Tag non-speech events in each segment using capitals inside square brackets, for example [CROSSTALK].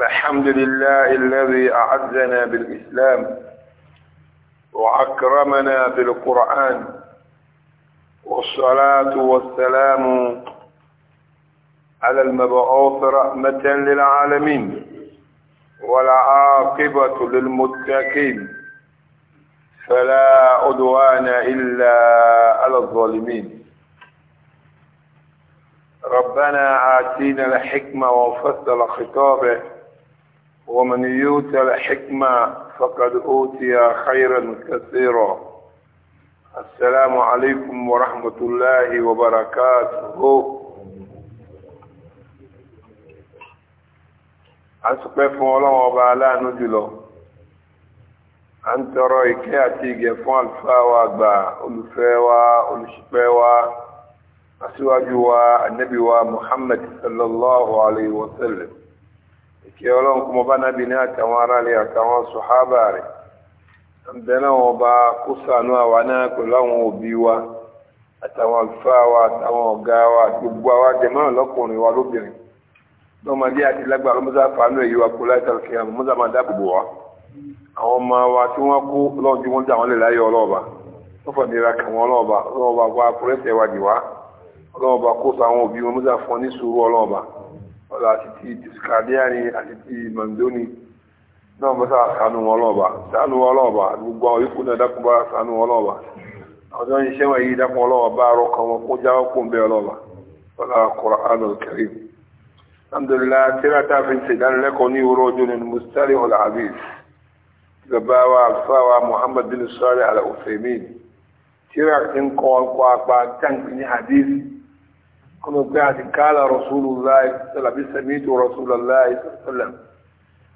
الحمد لله الذي أعزنا بالإسلام وأكرمنا بالقرآن والصلاة والسلام على المبعوث رحمة للعالمين والعاقبة للمتقين فلا عدوان إلا على الظالمين ربنا آتينا الحكمة وفصل خطابه ومن يؤت الحكمة فقد أوتي خيرا كثيرا السلام عليكم ورحمة الله وبركاته asopẹ fún ọlọ́wọ́n ọba aláàánú jùlọ à ń tọrọ ìkẹ́ àti ìgẹ̀ fún àlùfáà wa àgbà olùfẹ́ wa olùṣìpẹ̀ wa aṣíwájú wa ànábì wa Muhammad sallallahu alayhi wa sallam ìkẹ́ ọlọ́run kó mọ bá nábì ní àtàwọn aráàlú àtàwọn sòhábà rẹ̀ ǹbẹ́ náà wọ́n bá kó sànú àwa náà pẹ̀lú àwọn òbí wa àtàwọn àlùfáà wa àtàwọn ọ̀gá wa gbogbo àwa jẹ̀mọ́ lọ́kùnrin wa lóbìnrin lọ́mọdé àti lágbára mọ́sá fàánù èyí wa kó láìsàn kí àwọn mọ́sá máa dáàbòbò wa àwọn ọmọ wa tí wọ́n kó lọ́wọ́ tí wọ́n dà wọ́n lè láyé ọlọ́ọ̀ba lọ́fọ̀déra kà wọ́n ọlọ́ọ̀ba ọlọ́ọ̀ba wa kúrẹ́sẹ̀ wa dì wá ọlọ́ọ̀ba kó sàwọn òbí wọn mọ́sá fún ní sùúrù ọlọ́ọ̀ba ọ̀là àti ti tìsìkàdíàní àti ti mandoni náà mọ́sá sànú wọn lọ́ọ̀bà sànú wọn lọ́ọ̀bà gbogbo àwọn ikú náà dákúbá sànú wọn lọ́ọ̀bà àwọn tó ń ṣiṣẹ́ wọn yìí dákun ọlọ́wọ́ bá arọ kan wọn kó jáwọ́ kó ń bẹ ọlọ́wọ́ ọlá Qur'anul Karim alhamdulillah tíra tá a fi ń ṣe ìdánilẹ́kọ̀ọ́ ní ìwúrọ̀ ọjọ́ ní mustari ọ̀là abid bàbá wa àfáwa Muhammad bin Salih al ń kọ́ ọkọ̀ apá táǹkì ní hadith كما قاعد قال رسول الله صلى الله عليه وسلم سميت رسول الله صلى الله عليه وسلم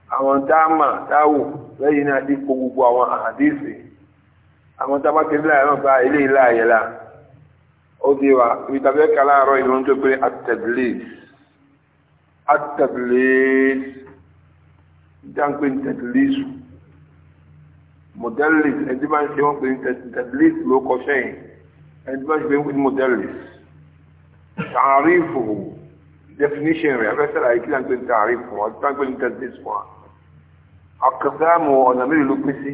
àwọn tá a mà tá a wò lẹ́yìn náà ti kó gbogbo àwọn àdéhìsì àwọn tá a bá ti láyé náà bá ilé ilé ayé la ó di wa ibi tàbí ẹ̀ka láàárọ̀ ìlú tó pé atẹ̀bílẹ̀t atẹ̀bílẹ̀t dáńpé tẹ̀bílẹ̀t mọ̀dẹ́lẹ̀t ẹ̀dí máa تعريفه definition rẹ̀ afẹ́sẹ̀ láyé kí láńpẹ́ ní تعريفه wọn àti láńpẹ́ ní tẹ́sí fún wa àkàdámù ọ̀nà mélòó ló pín sí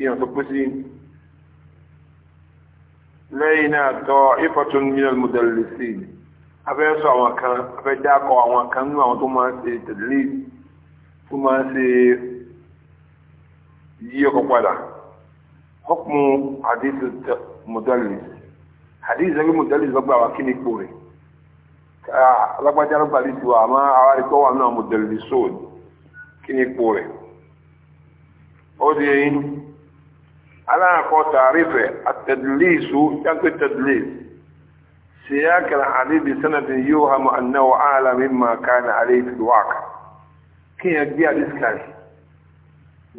ìyàn tó pín sí lẹ́yìn náà tọ́ ìfọ̀tún nínú mọ̀dẹ́lẹ́sì afẹ́ sọ àwọn kan afẹ́ dákọ̀ àwọn kan nínú àwọn tó máa ń ṣe tẹ̀lé tó máa ń ṣe yíyọkọ̀ padà hukumu hadith mọ̀dẹ́lẹ́sì hadith ẹgbẹ́ mudallis lọ́gbà wa kí ni ipò rẹ̀ alágbájá lọ́gbà lè ti wà àmọ́ àwọn arìkọ́ wà náà mudallis sóòdì kí ni ipò rẹ̀ ó di eyín aláàkọ́ tààrífẹ̀ àtẹ̀dìlísù jágbé tẹ̀dìlís سياق الحديث بسند يوهم أنه أعلى مما كان عليه في الواقع كي يجي حديث كان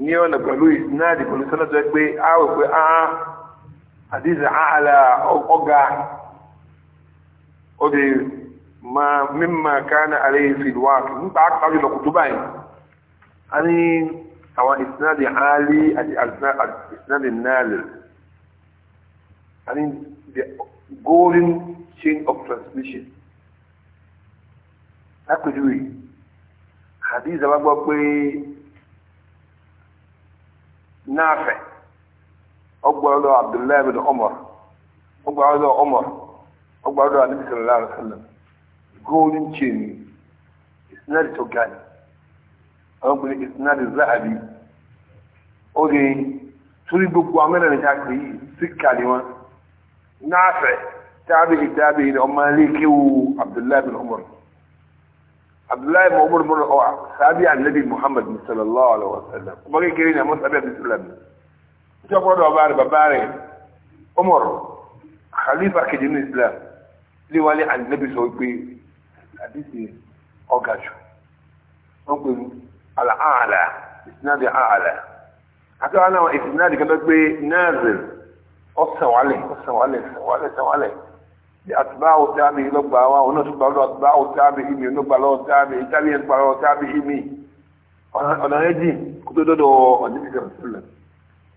ní ọ̀nà pẹ̀lú ìsinádì pẹ̀lú sọ́nà tó ẹgbẹ́ àwẹ̀ pé àá hadith àhàlà ọgá ó di ma mímà kánà alayhi fil waqi nípa àkàrí lọ kùtù báyìí a ní àwọn ìsinadi hali àti ìsinadi nàlẹ̀ a ní the golden chain of transmission lápẹjúwe hadith àbágbọ́ pé náà fẹ́ أقبل عبد zahabi gbogbo ní yìí síkà ni wọn ní ọmọ ilé abdullahi bin umar abdullahi bin umar anabi muhammad sallallahu alaihi wa ọmọ kékeré ní abdullahi jọ́gbọ́dọ̀ ọba rẹ̀ bàbá rẹ̀ Umar khalifa kejì ní Islam léwálé ànábì sọ pé àdìsí ọgá jù wọ́n pè àlàáàlà ìsinádì àlà àti wọn náà ìsinádì kan pé nazir ọ̀sẹ̀wálẹ̀ ọ̀sẹ̀wálẹ̀ ọ̀sẹ̀wálẹ̀ ọ̀sẹ̀wálẹ̀ bí àtibáwò tábì lọ́gbà wa ọ̀nà tó gbà lọ́wọ́ àtibáwò tábì ìmì ọ̀nàgbà lọ́wọ́ tábì ìtàbí ẹ̀gbà lọ́wọ́ tábì ìmì ọ̀nà ẹ̀jìn kó tó ọ̀dẹ́sìkà sílẹ̀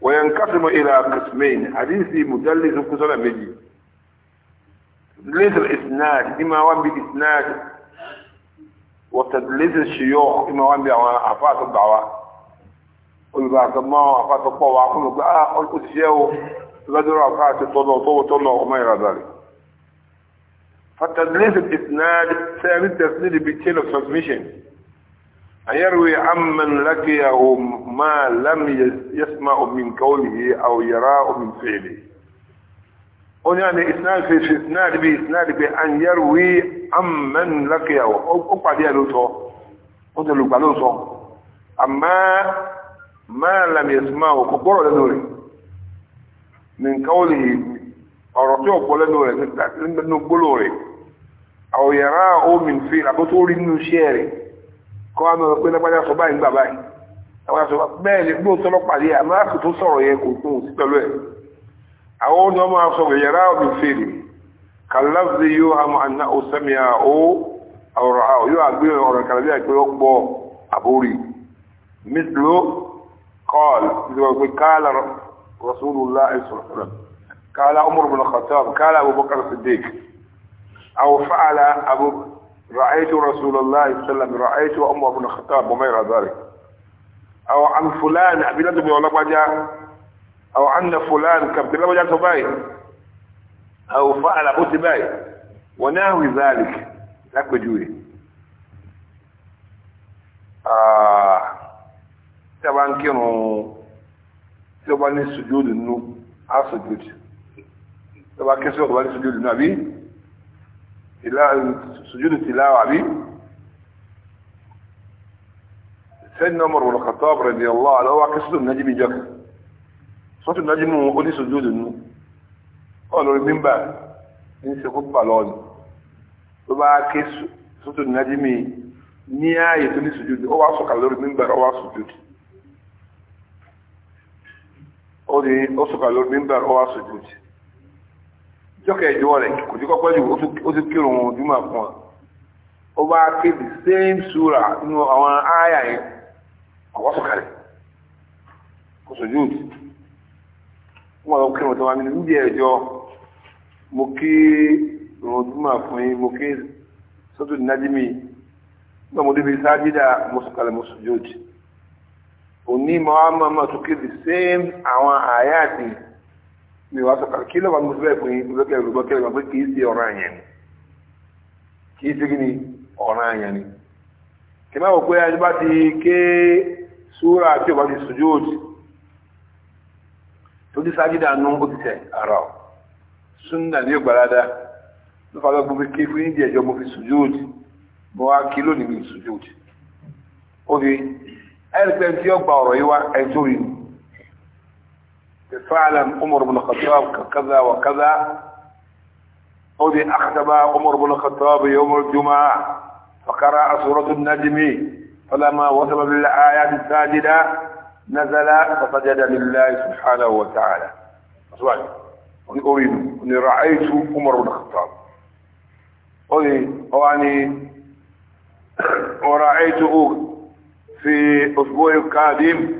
وينقسم إلى قسمين حديث مدلس كسر مجي تدليس الإسناد إما وان بالإسناد وتدليس الشيوخ إما وان بأعفاة الدعوة ويبقى ما أعفاة القوة أقول لك آه قلت الشيوخ تقدر أعفاة الطلو طلو طلو وما إلى ذلك فتدليس الإسناد سيعمل تسنيد بالتيل of transmission يروي عمن لقيه ما لم يسمع من قوله او يراه من فعله هنا الاسناد في اسناد باسناد بان يروي عمن لقيه او قد يلوتو ó tẹ̀lú ìgbà ló ń sọ àmá máa làmì ẹ̀sùn máa ò kò gbọ́rọ̀ lẹ́nu rẹ̀ nìkan ó lè ọ̀rọ̀ tí ọ̀pọ̀ lẹ́nu rẹ̀ nínú gbóló rẹ̀ àwòyàrá omi fi àbótó rí nínú iṣẹ́ rẹ̀ kọ́ wá mọ̀ pé lápájá sọ báyìí gbà báyìí àwọn àṣọ bẹ́ẹ̀ ni gbóò tọ́lọ́ pàdé àmọ́ àṣì tó sọ̀rọ̀ yẹn kò tún sí pẹ̀lú ẹ̀ àwọn ọ̀nà ọmọ aṣọ yẹra ọ̀mì àbórí mislo kọ́ọ̀l ìdíwọ̀n pé kálà rasulullah ìṣòro kálà umar bin khattab kálà abubakar siddiq àwọn fàlà abubakar رأيت رسول الله صلى الله عليه وسلم رأيت عمر بن الخطاب وما إلى ذلك أو عن فلان أبي لدب يولا أو عن فلان كبد الله وجاء تباي أو فعل أبو تباي وناوي ذلك لك بجوي آه طبعا كانوا طبعا السجود النوم على السجود طبعا كسر طبعا سجود النبي sùjúdù tìláwà bí sẹ́yìn Umar ibn Khattab radiyallahu anhu wá kí sọ́tún nájímì jọ sọ́tún nájímì oní sùjúdù nù ọlọ́rin mímbà ní ṣe kó bà lọ́ọ̀nù tó bá kí sọ́tún nájímì ní ààyè tó ní sùjúdù ó wá sọ̀kalẹ̀ lórí mímbà ó wá sùjúdù ó ní ó sọ̀kalẹ̀ lórí mímbà ó wá sùjúdù jọ́kẹ̀ ìjọ rẹ̀ kò tí kọ́kọ́ jù ó ti kírun ojúmọ̀ fún ọ ó bá ké the same sura nínú àwọn ááyà yẹn ọwọ́ sọ̀kalẹ̀ kò sọ jù wọ́n lọ kírun tó wà nínú níbi ẹ̀jọ́ mo kí irun ojúmọ̀ fún yín mo kí sọ́tò nájímì nígbà mo débi sáájídà mo sọ̀kalẹ̀ mo sọ jù òní mọ́ àmọ́ mọ́ tó ké the same àwọn ááyà yìí ni wàá sọ̀kà kí lọ́wọ́ mo fẹ́ pín mo fẹ́ kẹ́ ẹ̀rọ bọ́kẹ́ ẹ̀rọ pé kì í ṣe ọ̀ràn àyàn ni kì í ṣe ni ọ̀ràn àyàn ni kì máa wò pé bá ti ké súra tí o bá ti sojú òdì tó ti sáájú dànù ó ti tẹ̀ ara ọ̀ súnà ní ògbàládá ló fà lọ́gbọ́n fi ké fún ìdí ẹ̀jọ́ mo fi sojú òdì mo wá kí lónìí mi sojú òdì ó fi ẹ̀rí pé ẹni tí ó yìí wá ẹni tó rí ni فعلا عمر بن الخطاب كذا وكذا خذي أخدم عمر بن الخطاب يوم الجمعة فقرأ سورة النجم فلما وصل بالآيات الساجدة نزل فسجد لله سبحانه وتعالى أسمعني أني أريد أني رأيت عمر بن الخطاب أني [COUGHS] أني ورأيته في أسبوع قادم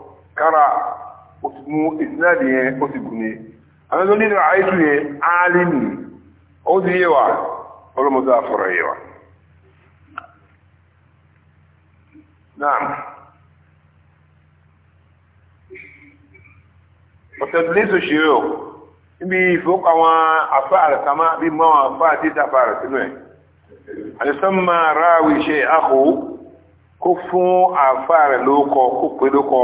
kára ó ti mú ìsìnàdì yẹn ó ti gùn ní àwọn tó nínú àìsù yẹn áálí nì ó ti yé wa ọlọ́mọdé àfọ̀rọ̀ yé wa náà ọ̀sẹ̀ tó ní sòṣì rẹ̀ o níbi ìfowópamọ́ àwọn afẹ́ àrẹ̀kámá bí mọ́ àwọn afẹ́ àti ìdáfà rẹ̀ sínú ẹ̀ àdìsánmà ráàwì ṣe àkó kó fún àfẹ́ rẹ̀ lóko kó pé lóko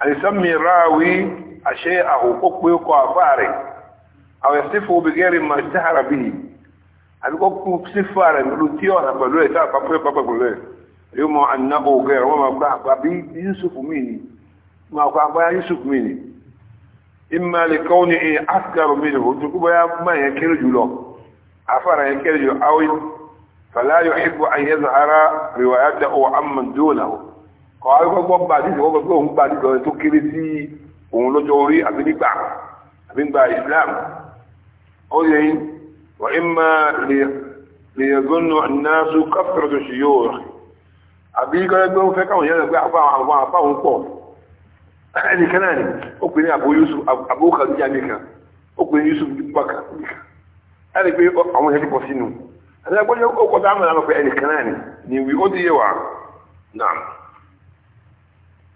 àìsànmì ráwí àṣẹ àhòkó pé ó kọ àfá rẹ̀ àwọn ẹ̀sífò obìnrin ma dáhàrà bí àbíkọ́ kú sífà rẹ̀ ló tí ọ̀nà pẹ̀lú ẹ̀ sáà pàpẹ́ pàpẹ́ kọ́ akọ́kọ́ gba àdìsí wọ́n gbọ́ òun gba àdìsí ọ̀rẹ́ tó kéré sí òun lọ́jọ́ orí àbí nígbà àbí nígbà Islam ó yẹ yín wà á má lè yẹgbónú náàsù káfíńtà tó ṣe yóò rẹ̀ àbí gbọ́dọ̀ fẹ́ káwọn yẹn lọ́gbẹ́ àpá àwọn àpá òun pọ̀ ẹnì kan náà ni ó pè ní àbó Yusuf àbó kàdújà nìkan ó pè ní Yusuf bàkà nìkan ẹnì pé àwọn yẹn ti sínú ẹnì kan ó kọ́ sáà mọ̀ pé ẹnì kan ni ni wí ó ti yé náà.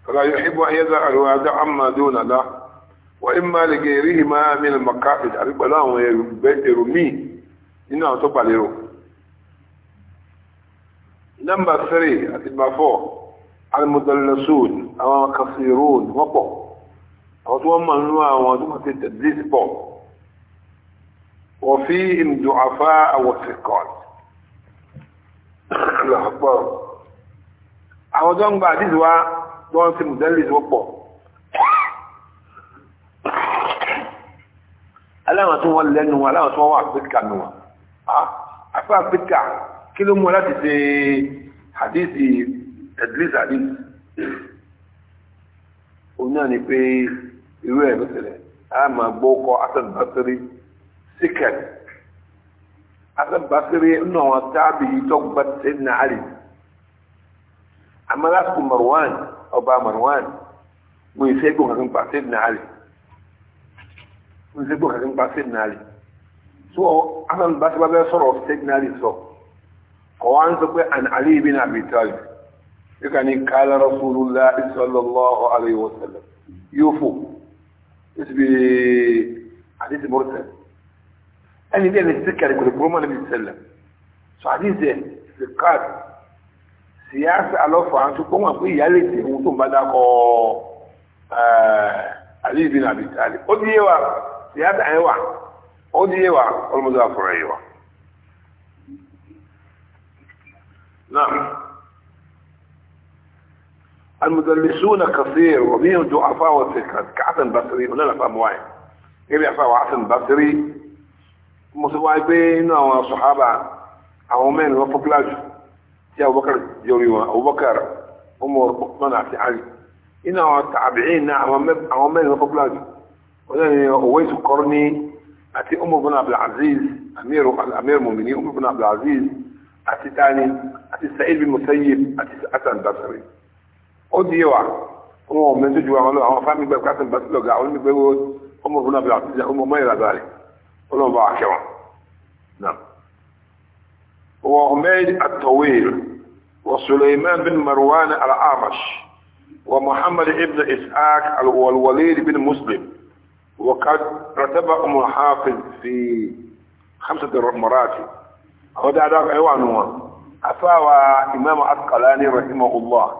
فلا يحب أن يدع الوعد عما دون الله وإما لغيرهما من المقاصد أبيب الله ويرمي إنه تبع لرو نمبر 3 أتبع 4 المدلسون أو كثيرون وقو أو توما نوا وانتما تدليس بو وفيهم ضعفاء وثقات الله أكبر أو جنب عديد wọ́n ti mùdẹ́lì tó pọ̀ aláwọn tí wọ́n lẹ́nu wọn aláwọn tí wọ́n wà pẹ́tìkà nù wọn afẹ́ pẹ́tìkà kí ló mú láti ṣe hadithi tẹ̀dílì hadithi òun náà ni pé irú ẹ̀ lọ́sẹ̀lẹ̀ a máa gbọ́ kọ́ asad basiri sikẹ̀t náà wọn tábìlì tó gbà sẹ́yìn náà àlè àmọ́ lásìkò Marwan ọba Marwan mo ì fẹ́ gbọ́n kankan pa sẹ́ẹ̀dì náà rẹ̀ mo ì fẹ́ gbọ́n kankan pa sẹ́ẹ̀dì náà rẹ̀ so asan bá ti bá bẹ́ sọ̀rọ̀ sẹ́ẹ̀dì náà rẹ̀ sọ kọ́ wa ń sọ pé an Ali bin Abi Talib bí ká ní kálá Rasulullah sallallahu alayhi wa sallam yóò fò isbi hadith mursal ẹni dẹ́ni sikari kò lè kúrò mọ́ so hadith yẹn sikari síyáàsì alọ́fà tó kọ́ wọn pé ìyálé tí òun tó ń bá dákọ̀ àlìbí eh, nàbí tàlí ó di yé wa síyáàsì àyẹ̀ wa ó di yé wa ọlọ́mọdé àfọ̀rọ̀ yé wa. نعم المدلسون كثير وبهم ضعفاء وثقات كحسن بصري ولا لا فاهم واحد غير يعفاء وحسن بصري مصطفى بين وصحابه او من وفقلاجه tí abubakar jori wọn abubakar umar usman àti ali iná àwọn tàbíyìn náà àwọn mẹ́rin lọ́kọ́ fúlàní wọ́n náà ni owó ìsùkọ́rọ́ ní àti umar bin abdulaziz amir mumini umar bin abdulaziz àti tani àti sa'id bin musayyib àti hasan basri ó di wa wọn ò mẹ́tò ju àwọn àwọn fámi gbẹ hasan basri lọ́gà àwọn onígbẹ́wò umar bin abdulaziz umar mẹ́rin lagbari ọlọ́mọba àkẹwọn náà وعميد الطويل وسليمان بن مروان الأعمش ومحمد ابن إسحاق والوليد بن مسلم وقد رتب رتبهم الحافظ في خمسة مراتب هذا داك أيوانه أفاوى إمام عسقلاني رحمه الله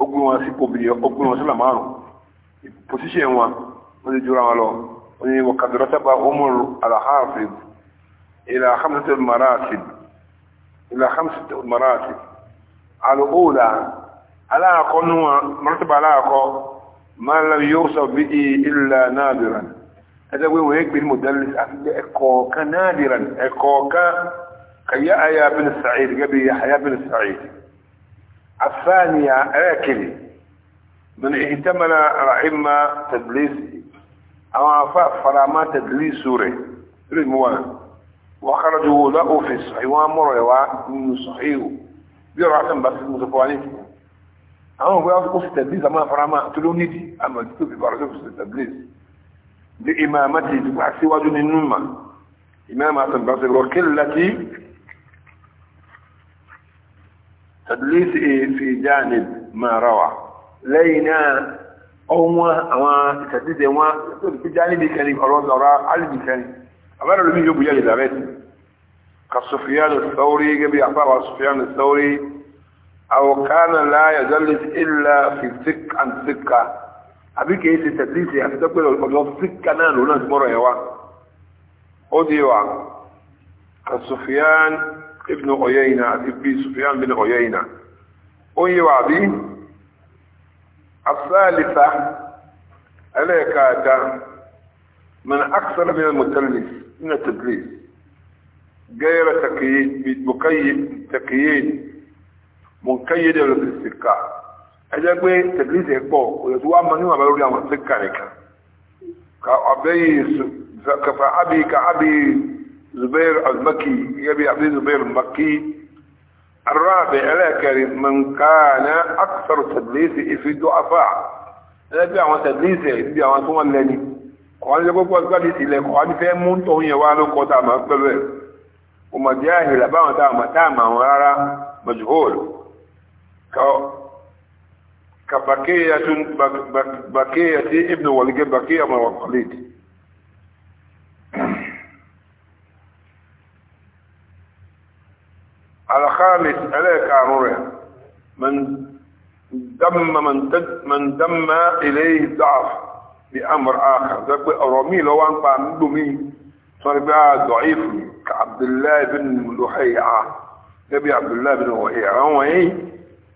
أقول واسيكو بي أقول وسلم عنه position wọn wọ́n ti jura wọn lọ wọ́n الحافظ إلى خمسة مراتب إلى خمسة مراتب على الأولى على هو مرتب على أقو ما لم يوصف به إلا نادرا هذا هو هيك بالمدلس أكوكا نادرا أكوكا يا بن السعيد قبل يحيى بن السعيد الثانية آكل من اهتمل رحمة تدليس أو عفاء فرامات تدليس سوري رموان وخرجوا له في الصحيح وامر يوا من الصحيح بيرى بس المتفوانين àwọn òwe ọdún kò fi tẹ̀blíz àmọ́ àfarama tó ló nídìí àmọ́ tó fi bàrọ̀ tó fi tẹ̀blíz bí ìmọ̀ àmàtì ìdúgbà síwájú nínú mà ìmọ̀ àmà àtàǹbà sí rọ̀ kílì láti tẹ̀blíz fi jáde ọwọ́n àwọn ìtẹ̀blíz wọn tó fi jáde bí kẹrin ọ̀rọ̀ ọ̀rọ̀ alìbìkẹrin àbára lómi yóò bu yá elizabeth ka sufyan al-thawri gẹ́gẹ́ bí àfáwà sufyan al-thawri aw kana la yazallu illa fi thiq an thiqa àbí kìí ṣe tẹ̀lísì àti tọ́pẹ́ ọ̀dọ́ thiqa náà lòun náà ti mọ́rọ̀ ẹ̀ wá ó di wa ka sufyan ibn uyayna àti sufyan bin uyayna ó yé wa bí asálìta من أكثر من المتلمس من التدليس غير تقييد مقيد تقييد منقيد للاستقاء أجل بي تدليس يقول ويتوى من يوم بلوري عم السكة لك كأبي كأبي كأبي زبير المكي يبي أبي زبير المكي الرابع الكريم من كان أكثر تدليس في الضعفاء لا بيعمل تدليس بيعمل ثم الليل kọ́ni lọ́gbọ́n pọ̀ gbàdí ilẹ̀kùn wa ní fẹ́ mú tóun yẹn wá ló kọ́ tá a máa pẹ́lú ẹ̀ kò mọ̀ jẹ́ àhìlà báwọn tá a máa tá a máa wọn rárá majhul ka bakéyà tún bakéyà tí ibn wàlígé bakéyà mọ̀ wà kọ́lẹ́dì. الخامس عليك عمره من دم من, من دم إليه ضعف bí amr akhar sọ pé ọ̀rọ̀ míì lọ́wọ́ ń pa nígbò míì sọ ah, ni pé da'if ka abdullahi bin luhayya gẹ́gẹ́ bí abdullahi bin luhayya àwọn wọ̀nyí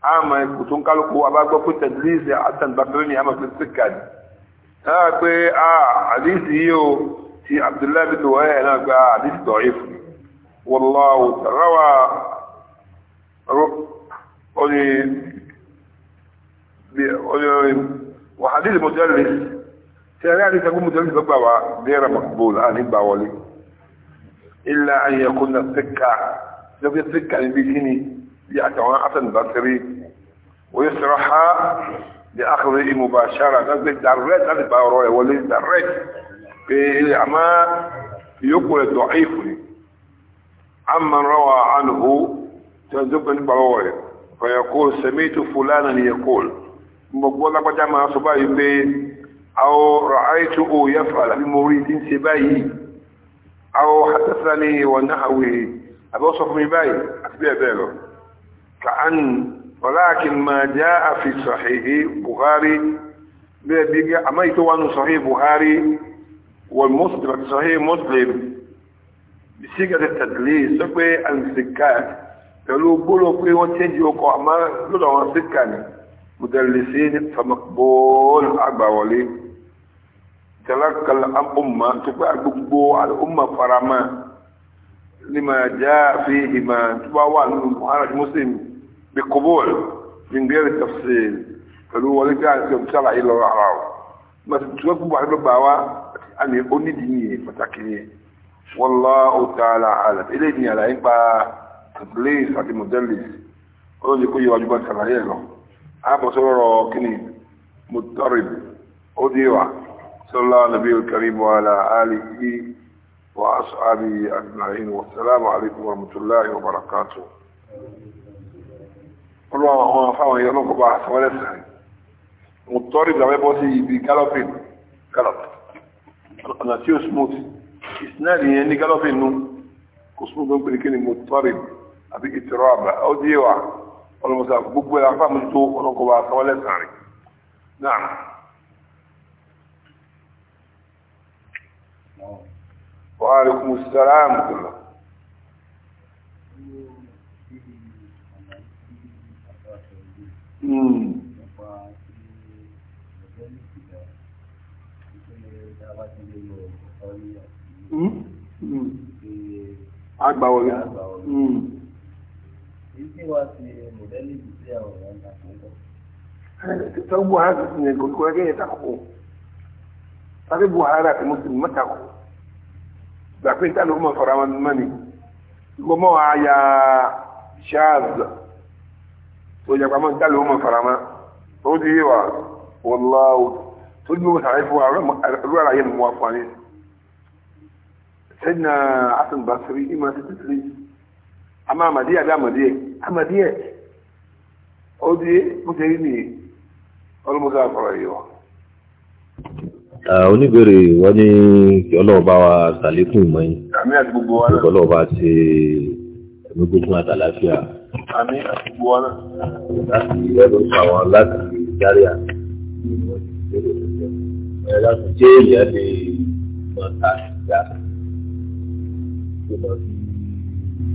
a máa kò tó ń kálukú abágbọ́ pé tẹ̀lísì hasan bakari ni a máa fi síkà ah, ah, ní. وحديث مدلس sẹ́rí àríkà gbọ́mù tó ń sọ gbà wá bẹ́ẹ̀rẹ̀ mọ̀kúbọ̀lù àní gbà wọlé ilà ayẹ̀kọ́ na síkà lọ́gbẹ́ síkà níbi kíni bí àtàwọn asan basiri oyè sọ̀rọ̀ ha bí akọ̀wé ìmùbà sára lọ́gbẹ́ direct láti bá ọ̀rọ̀ ẹ̀ wọlé direct pé ilẹ̀ àmà yòókù rẹ̀ dọ̀ àìfù ni àmà rọwà ànùhù tí wọ́n tó pẹ̀lú gbàwọ̀ أو رأيته يفعل بمريد سباي أو حدثني ونحوه أبوصف من باي أتبع باله كأن ولكن ما جاء في صحيح بخاري بيجي أميت وأن صحيح بخاري والمسلم صحيح مسلم بصيغة التدليس سبي السكات قالوا بولو في وتجي وقع ما لولا سكان مدلسين فمقبول أبا وليه تلقى الأمة تبع بقبو الأمة فرما لما جاء فيهما تبع المحارج مسلم بقبول من غير تفصيل فلو ولد كان شرع إلى الأعراض ما تتوقف بعد بابا أن يقولني دينية فتاكينية والله تعالى عالم إليني على إنبا تبليس أتي مدلس قلت لكي يواجبات سرعيه له أبا صورة كني مضطرب أوديوه صلى الله على النبي الكريم وعلى آله وأصحابه أجمعين والسلام عليكم ورحمة الله وبركاته ọlọ́run àwọn afáwọn èèyàn lọ́kọ̀ bá àtàwọn ẹlẹ́sìn mo tọ́rí ìgbàwẹ́ bọ́ sí ibi galloping gallop ọ̀nà tí ó smooth ìsinẹ́ẹ̀lì yẹn ní galloping nú kò smooth ló ń pèrè kí ni mo tọ́rí àbí ìtìrọ àbá ó dí ìwà ọlọ́mọsá gbogbo ẹ̀ afá tó ọlọ́kọ̀ bá àtàwọn ẹlẹ́sìn rẹ̀ náà wa alaikum salaam kula agbawọlẹ ta buhari ne gurgurar ya tako ta buhari ta musulmi matako gbàgbé ìtàn ló mọ̀ fara wọn mọ́ni ya àyà ṣáàzù òjàpamọ́ ìtàn ló mọ̀ fara mọ́ wa wallahu tó ní wa rú basiri ìmọ̀ sí títí àmọ́ àmàdíyà bí àmàdíyà àmàdíyà ó ti oníbèrè wọ́n ní kí ọlọ́ọ̀bá wa sàlékún ìmọ̀ yín kí ọlọ́ọ̀bá ti ẹ̀mí gbogbo àtàlàfíà láti ẹ̀rọ àwọn láti járí àti ẹ̀rọ jẹ́ ìyá lè mọ̀ ta ìyá tó lọ sí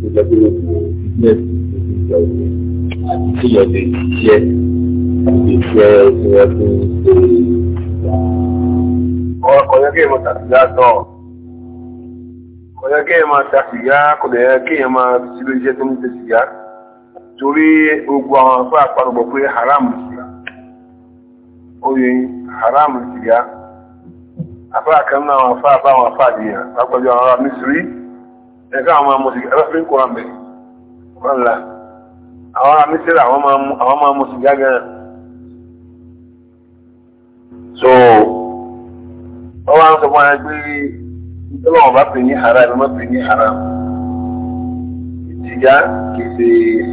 ìjọba ìwò bíẹ́sì ìjọba ìwò àti ìyọ̀dẹ̀ ìṣẹ́ ìṣẹ́ ìṣẹ́ fún ṣe ìgbà. kò yẹ ma èèmọ̀ tàbíyá tọ̀ kò yẹ kí èèmọ̀ tàbíyá iṣẹ́ tó ń tẹ̀ torí gbogbo àwọn afẹ́ àparọ̀gbọ̀ pé haram síyá oye haram síyá afẹ́ afọ àwọn afọ àbá àwọn afẹ́ àdìyàn lágbàjọ Misiri so wọ́n wá ń gbe fún ẹ pé ọlọ́run bá haram ẹ má haram ìjìyà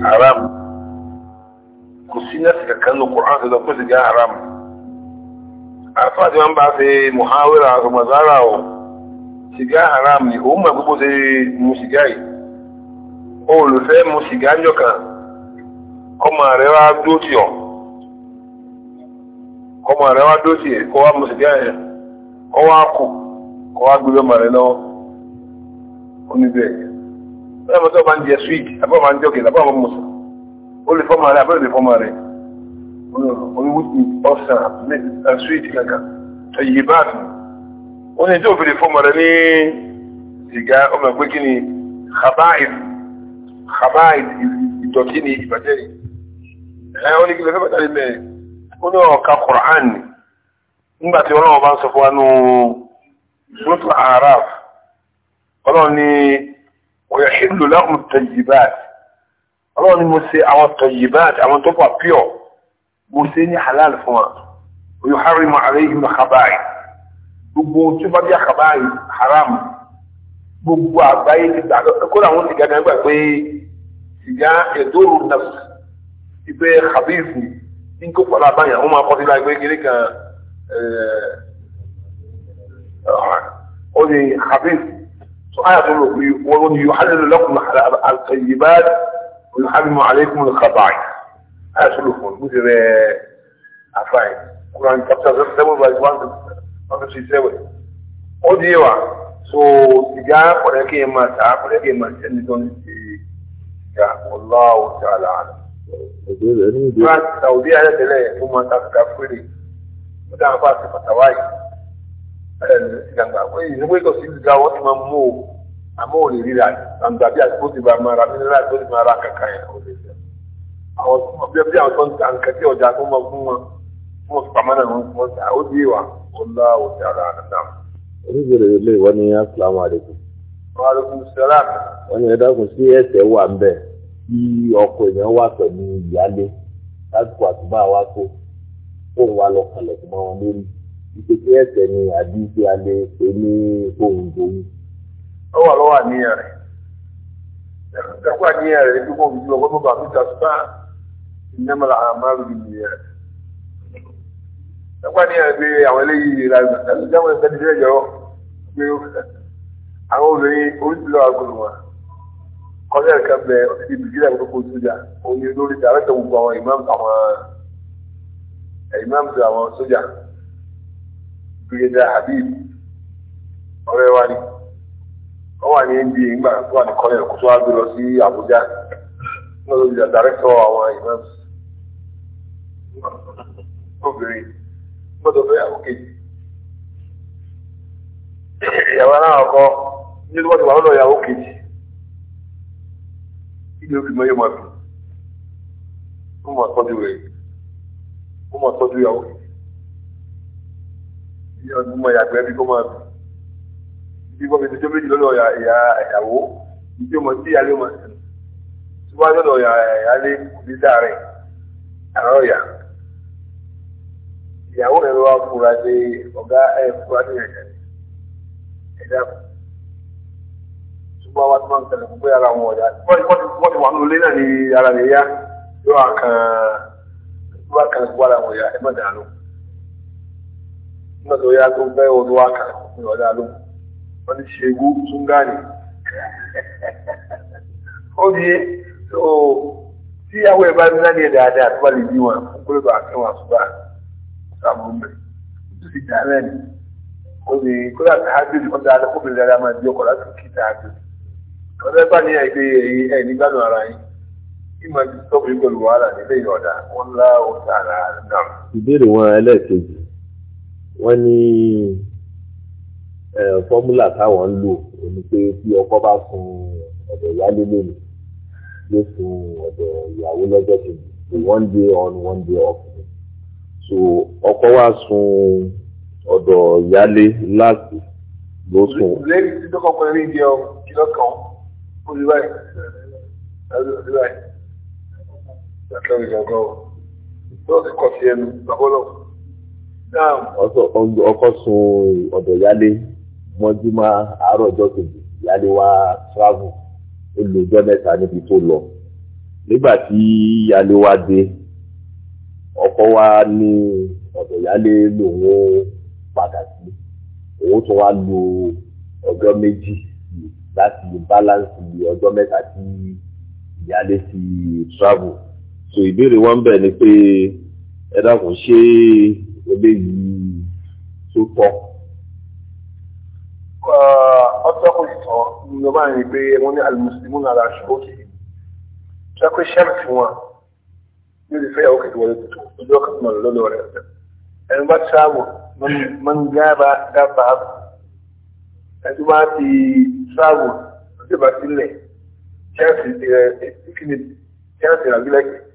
haram kò na nẹ́ẹ̀sì kankan ní kùrán tó haram àfáà tí wọ́n bá ṣe muhawira o siga haram ni òun mọ̀ gbogbo ṣe mu sìgá yìí olùfẹ́ mu sìgá ń jọkàn kọ́mọ rẹ̀ wá dóòtì ọ̀ kọ́mọ rẹ̀ wá dóòtì ọwọ́ akọ ọwọ́ agbèrè ọmọ rẹ lọ́wọ́ oníbẹ̀ ẹ̀ ọmọ tó bá ń jẹ swíìtì àbọ̀ máa ń jẹ òkèlè àbọ̀ máa ń mọ̀sán ó lè fọ́mọ rẹ àbẹ̀rẹ̀ lè fọ́mọ rẹ oníwùtì ọ̀sán swíìtì kankan ẹ̀yìn báàtì ó ní tó ọmọ ẹgbẹ́ kí ni khabaid khabaid ìdọ̀tí ni ìbàjẹ́ ni ẹ̀ ó ní kí fẹ́ bàtà lè mẹ́ ó ní ọ̀ka Kùránì nígbà tí ọlọ́run bá ń sọ fún wa nù sọ́tún araf ọlọ́run ni ọ̀yọ̀ ṣílù láwọn tọ̀yìbáàt ọlọ́run ni mo ṣe àwọn tọ̀yìbáàt àwọn tó pà píọ̀ mo ṣe ní halal fún wa ọ̀yọ̀ harry ma alayhim khaba'i gbogbo tí ó bá bí khaba'i haram gbogbo àgbáyé ti gbà kó làwọn sìgá gan gbà pé sìgá ẹ̀dọ́rù nafs ìgbẹ́ khabíìsì ní kó pàlà báyà wọ́n máa kọ́ sí láì pé kan قولي حفيظ سؤال يقول ومن يحلل لكم الطيبات ويحرم عليكم الخطايا أسلوكم مثل أفاين قرآن تبتغل سبب وإجوان ما شيء سبب قولي يوا so ìjà ọ̀rẹ́ kí n máa ta ọ̀rẹ́ kí n máa tẹ́lẹ̀ tó ń ṣe ìjà ọlọ́wọ́ tí wọ́n dáhùn fún àti pàtàwá yìí ẹ̀rẹ̀ ní ti gbangba wọ́n yìí nígbà tó sì ń ga wọ́n ti máa mú o àmọ́ ò lè ríra gbangba bí àti bóti bá máa ra mineral tó ti máa ra kankan yẹn ó lè jẹ àwọn tó máa bí àwọn tó ń ta nǹkan tí ọjà tó máa fún wọn fún wọn pamọ́ náà wọn ta ó dé wa ó lá òjà ara nàdàm. oníbèrè ilé wọn ní asalaamu aleykum. waaleykum salaam. wọn ní ẹ dákun sí ẹsẹ wà ń bẹ kí ọkọ èèyàn wà pẹ̀lú ìyáálé lásìkò àtúbà wa tó fóun wa lọ kalẹ̀kùn mọ́ wọn lórí ìṣe kí ẹ̀sẹ̀ ni àbí ṣe a lè pè ní ohun gbòòrò. ó wà lọ́wọ́ àníyàn rẹ̀ ẹ̀kọ́ àníyàn rẹ̀ bí wọ́n fi ọgbọ́n bàbá mi ta sùpá ìnámọ̀lá àmàlù nìyẹn. ẹ̀kọ́ àníyàn rẹ̀ pé àwọn eléyìí ra ìjọba ìfẹ́díjẹ́ yọ pé àwọn obìnrin oríṣiríṣi àgùn wọn kọ́lẹ́ ẹ̀ka bẹ ibi gíga ìgbókòó sójà òun ni olórí tààrẹ́tẹ̀ gbogbo àwọn ìmọ̀ àwọn imam ti àwọn sójà brigadier habib ọ̀rẹ́ wa ni wọ́n wà ní nba nígbà tó wà ní kọ́lẹ̀ kó tó wá gbé lọ sí àbújá wọ́n lọ sí dàrẹ́tọ̀ àwọn imam obìnrin gbọ́dọ̀ fẹ́ ìyàwó wà lọ́dọ̀ ìyàwó kejì mọ́ yóò máa wọ́n máa tọ́jú rẹ̀ kó mọ̀ tọ́jú ìyàwó ní ọdún mọ̀ ìyàgbẹ́ bí kó mọ̀ bí kó fi tó méjì lọ́dọ̀ ìyá ìyàwó ìdí ọmọ sí ìyàlẹ́ ọmọ tí wọ́n lọ́dọ̀ ìyá ìyàlẹ́ ní dáàrẹ̀ àárọ̀ ìyà ìyàwó rẹ̀ ló wá fura dé ọ̀gá ẹ̀ fura dé ẹ̀jẹ̀ ẹ̀dá ṣùgbọ́n wa tó máa ń tẹ̀lé gbogbo ara wọn ọ̀dà wọ́n ti wà nínú ilé náà ní ara rẹ̀ yá yóò wá kan kó ara wọn ya ẹ má dàá ló nígbà tó yá tó fẹ́ wọn wá kan ní ọ̀dà ló wọ́n ti ṣe egú túngánì ó di so tí ìyàwó ẹ bá ní láti ẹ dáadáa tó bá lè bí wọn fún kólébà àkẹwọn àṣùbà sàmúlò mẹ tó ti dáa náà ni ó di kólébà tàájú ni wọ́n dáadáa kó bèrè dáadáa máa di ọkọ̀ láti kí tàájú ọ̀dọ́ ẹ bá ní àìpé ẹ̀yìn ẹ̀ nígbàdùn ara yìí ìmọ̀ ti tọ́pù yìí pẹ̀lú wàhálà nílé ìyọ̀dà wọn láwọ sára náà. ìbéèrè wọn ẹlẹ́ẹ̀kejì wọ́n ní fọ́múlà táwọn ń lò ní pé bí ọkọ bá fún ọ̀dọ̀ ìyálé lónìí yóò fún ọ̀dọ̀ ìyàwó lọ́jọ́ kejì so one day on one day off so ọkọ wa sùn ọ̀dọ̀ ìyálé láti ló sùn. lẹ́yìn tí dọ́kọ̀ pẹ̀lú ìdí ọ kí lọ́kàn ó rí báyìí. Ìjọba ìjọba ọ̀. Lọ́sí kọ̀ sí ẹnu, lọ́bọ́lọ́. Ọkọ sun ọ̀dọ̀ yálé mọ́júmọ́ àárọ̀ ọjọ́ kejì yálé wá travel ó lo ọjọ́ mẹ́ta níbi tó lọ. Nígbà tí yálé wá dé, ọkọ wá ní ọ̀dọ̀ yálé lòun padà sí. Òun tún wá lo ọjọ́ méjì láti balance ọjọ́ mẹ́ta tí ìyálé ti travel so ìbéèrè wọn bẹ̀ ni pé ẹ dákun ṣé eléyìí tó tọ́. ọtọ́ uh, kò sọ ìjọba yìí pé wọ́n ní alimusulimu náà aṣọ òkè sọ pé ṣẹ́ẹ̀tì wọn yóò lè fẹ́ ìyàwó kẹ̀kẹ́ wọlé tuntun ojú ọkọ̀ tó máa lọ lọ́dọ̀ rẹ̀ ẹni bá sáàbù mọ́n gáàbà dábàá ẹni bá ti sáàbù ọjọ́ bá sílẹ̀ ṣẹ́ẹ̀tì rẹ̀ kíni ṣẹ́ẹ̀tì rẹ̀ bí lẹ́kẹ̀ẹ́.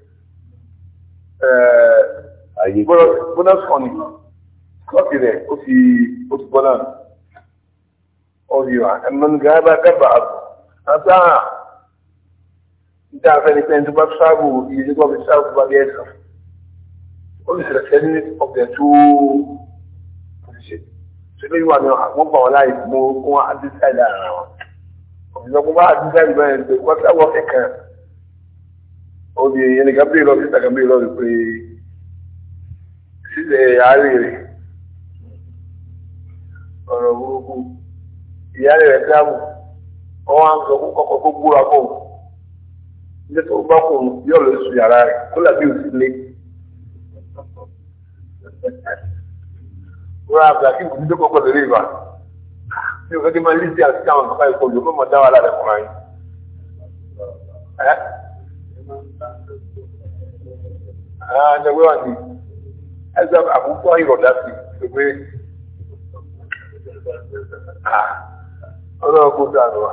Eh, bonus honey lọ́ọ̀kì rẹ̀ ó fi ó ti bọ́lá nù ọ̀rì ẹ̀mọ́nùgá bá dábàá àbò àtà níta afẹ́ni pé ẹni tó bá ṣáàbù iye tó bá fi ṣáàbù bá bí ẹ̀sán ó lè ṣẹlẹ̀ ṣẹ́ ní ọ̀gbẹ̀ tó ṣe ṣe lórí wà ní àwọn bàwọn láì mú kún àdísáì lára wọn òṣìṣẹ́ kó bá àdísáì bẹ́ẹ̀ lè wọ́n sáwọ́ kẹ̀kẹ́ obi ẹnìkan bí lọ́ọ̀bì sísà kan bí lọ́ọ̀bì pé sísè àárẹ̀ rẹ̀ ọ̀rọ̀ burúkú ìyáálé rẹ̀ dáàbò wọ́n wá ń sọ fún kọ́kọ́ tó gbúra fún un ilé tó bá kù yóò lọ sùn yàrá rẹ̀ kó làbí òsì lé. wúrà àbàkí kò ní tó kọ́kọ́ lórí ìbà tí o fẹ́ kí n máa lé sí àti káwọn bàbá ìkọlù kó máa dá wàhálà rẹ̀ fúnra yín àjẹgbé ah, wà ní ẹgbẹ́ àbúkọ́ ìrọ̀dá sí ìgbé ah, ọlọ́run kó dànù wa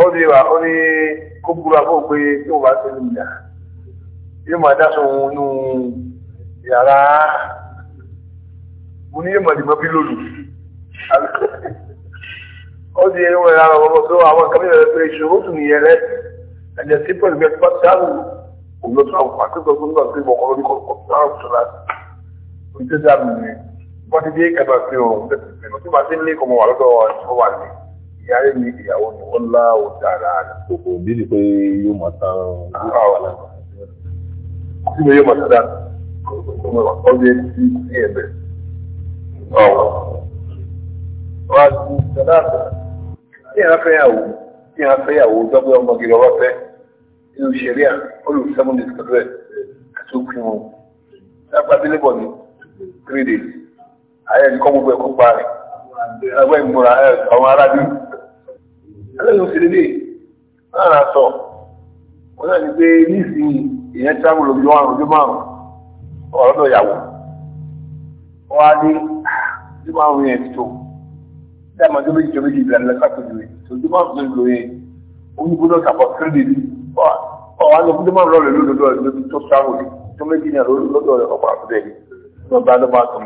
ó ní wa ó ní kó búra fún pé tí wọ́n bá ti ní ìyá yóò máa dá sóhun nínú yàrá mo ní yóò máa dìbò bí lòlù ó di ẹni wọn yàrá ọmọ tó àwọn kan ní ìrẹsì ìṣòro tún nìyẹn rẹ ẹ̀jẹ̀ sí pẹ̀lú ẹ̀jẹ̀ pàṣẹ àrùn òun tó àwọn akẹ́kọ̀ọ́ tó ń gbà pé mọ̀ ọ́ lórí kọ̀ọ̀kan tó àwọn tó láti ń tẹ́jú àmì rẹ̀ wọ́n ti dé kẹta sí ọ̀run tẹ̀sí ìpinnu tí màá ti ń lé wà lọ́dọ̀ ọ wà ní ìyá rẹ̀ ní ìyàwó ni wọ́n lá ó dára rẹ̀. kòkò dídì pé yóò mọ̀ tán. kí ni yóò mọ̀ tán dáa ọdún ẹni tí ní ẹ̀bẹ̀. ọ̀wọ̀ wọ́n ti sọ̀rọ̀ àgbà a fẹ́ yàwó tí a fẹ́ yàwó dọ́gbẹ́ ọmọge nínú ṣẹ̀ríà olùsẹ́mú ní ìsìnkú rẹ̀ kàtó pín wọn lápá délébọ̀ ní three days ayé ẹ̀kọ́ gbogbo ẹ̀kọ́ pa rẹ̀ ẹgbẹ́ ìmúra àwọn arábí alẹ́yìn òsèré lè lára sọ wọ́n náà ní pé nísìnyí èèyàn tí a mú lòdì wọn lòdì márùn ọ̀rọ̀dọ̀ ìyàwó wọ́n á ní bí márùn yẹn ti tó bí àmọ́jọ́ méjì tó méjì ìbílẹ̀ lẹ́ka tó ju rẹ̀ tó ju márùn tó ju rẹ̀ ó ní gbọ́dọ̀ sàpọ̀ three days ọ̀wá ló kú tó máa ń rọlẹ̀ lódodo ẹ̀ lóbi tó sáwò tó méjì náà lọ́dọ̀ ẹ̀ ọ̀pọ̀ àtúndẹ̀ yìí lọ́ba ló máa tọ̀